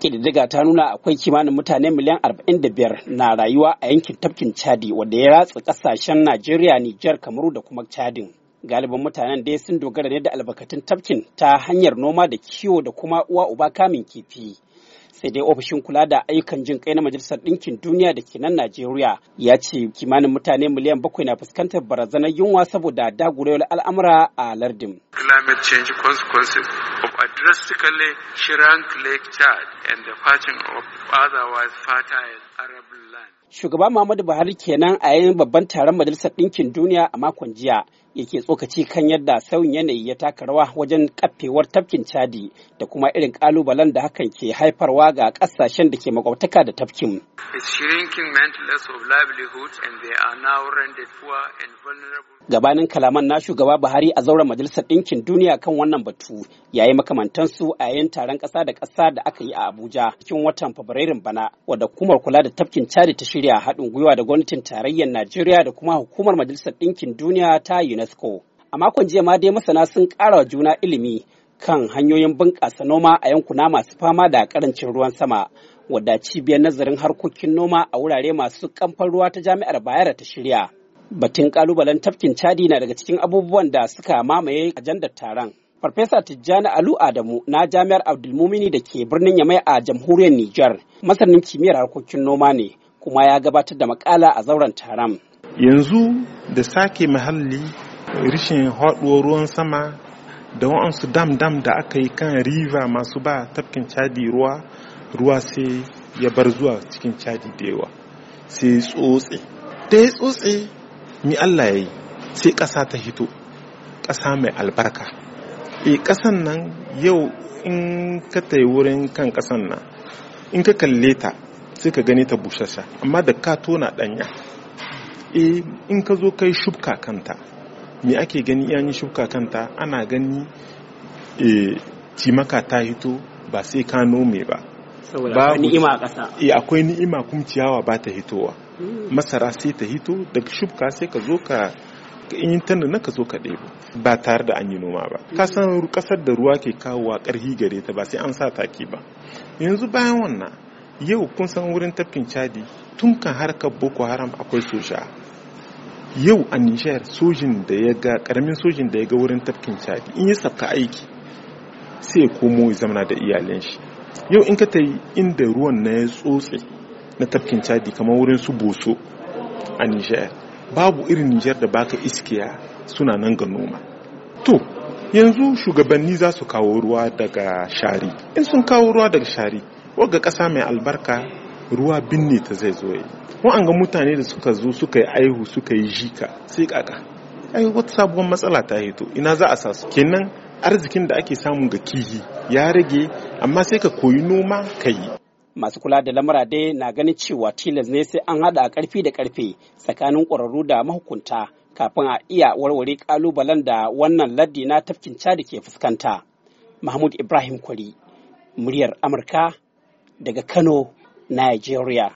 Ƙididdiga ta nuna akwai kimanin mutane miliyan 45 na rayuwa a yankin tafkin Chadi wanda ya ratsa kasashen Najeriya, Nijar, Kamaru da kuma Chadin. Galibin mutanen dai sun dogara ne da albarkatun tafkin ta hanyar noma da kiwo da kuma uwa uba kamin kifi. sai dai ofishin kula da ayyukan jin kai na majalisar ɗinkin duniya da ke nan najeriya ya ce kimanin mutane miliyan bakwai na fuskantar barazanar yunwa saboda dagurewar al'amura a lardin climate change consequences of a drastically shrunk lake chad and the patching of otherwise fertile arab land shugaba muhammadu buhari kenan a yayin babban taron majalisar ɗinkin duniya a makon jiya yake tsokaci kan yadda sauyin yanayi ya taka rawa wajen kaffewar tafkin chadi da kuma irin kalubalen da hakan ke haifarwa ga ƙasashen da ke makwabtaka da tafkin. Gabanin kalaman na shugaba Buhari a zauren Majalisar Ɗinkin Duniya kan wannan batu ya yi makamantansu a yayin taron ƙasa da ƙasa da aka yi a Abuja cikin watan Fabrairun bana wadda hukumar kula da tafkin cari ta shirya haɗin gwiwa da gwamnatin tarayyar Najeriya da kuma hukumar Majalisar Ɗinkin Duniya ta UNESCO. A makon jiya ma dai masana sun ƙara juna ilimi kan hanyoyin bunƙasa noma a yankuna masu fama da ƙarancin ruwan sama wadda cibiyar nazarin harkokin noma a wurare masu kamfan ruwa ta jami'ar bayero ta shirya batun kalubalen tafkin chadi na daga cikin abubuwan da suka mamaye ajandar taron farfesa tijjani alu adamu na jami'ar abdulmumini da ke birnin yamai a jamhuriyar niger masanin kimiyyar harkokin noma ne kuma ya gabatar da makala a zauren taron yanzu da sake muhalli rishin haɗuwar ruwan sama da wa'ansu dam-dam da aka yi kan riva masu ba tafkin cadi ruwa ruwa sai ya bar zuwa cikin cadi da yawa sai tsotse da ya tsotse mi Allah ya yi sai ƙasa ta hito ƙasa mai albarka e ƙasan nan yau in ka tai wurin kan ƙasan nan in ka kalle ta sai ka gani ta bushasha amma da ka tona ɗanya e in ka zo kai shubka kanta me ake gani ya yi shuka kanta ana gani eh, cimaka ta hito ba sai ka nome ba akwai ni'ima a ƙasa eh, akwai ni'ima kuma ciyawa ba ta hitowa hmm. masara sai ta hito daga shuka sai ka zo ka in tana na ka zo ka ɗebo ba tare da an yi noma ba ka hmm. san ƙasar da ruwa ke kawowa ƙarhi gare ta ba sai an sa taki ba yanzu bayan wannan yau kun san wurin tafkin cadi tun kan harkar boko haram akwai soja yau a nijar sojin da ya ga karamin sojin da ya ga wurin tafkin cadi in yi sabka aiki sai ya komo ya zama da iyalen shi yau in ka ta yi inda ruwan na ya tsotse na tafkin cadi kamar wurin su boso a nijar babu irin nijar da baka iskiya suna nan ga noma to yanzu shugabanni za su kawo ruwa daga shari in sun kawo ruwa daga shari wagga ƙasa mai albarka ruwa binne ta zai zo yi ga mutane da suka zo suka yi aihu suka yi jika sai kaka ai wata sabuwar matsala ta hito ina za a sa su kenan arzikin da ake samu ga kihi ya rage amma sai ka koyi noma ka yi masu kula da lamura dai na ganin cewa tilas ne sai an haɗa karfi da karfe tsakanin ƙwararru da mahukunta kafin a iya warware kalubalen da wannan laddi na tafkin da ke fuskanta mahmud ibrahim kwari muryar amurka daga kano Nigeria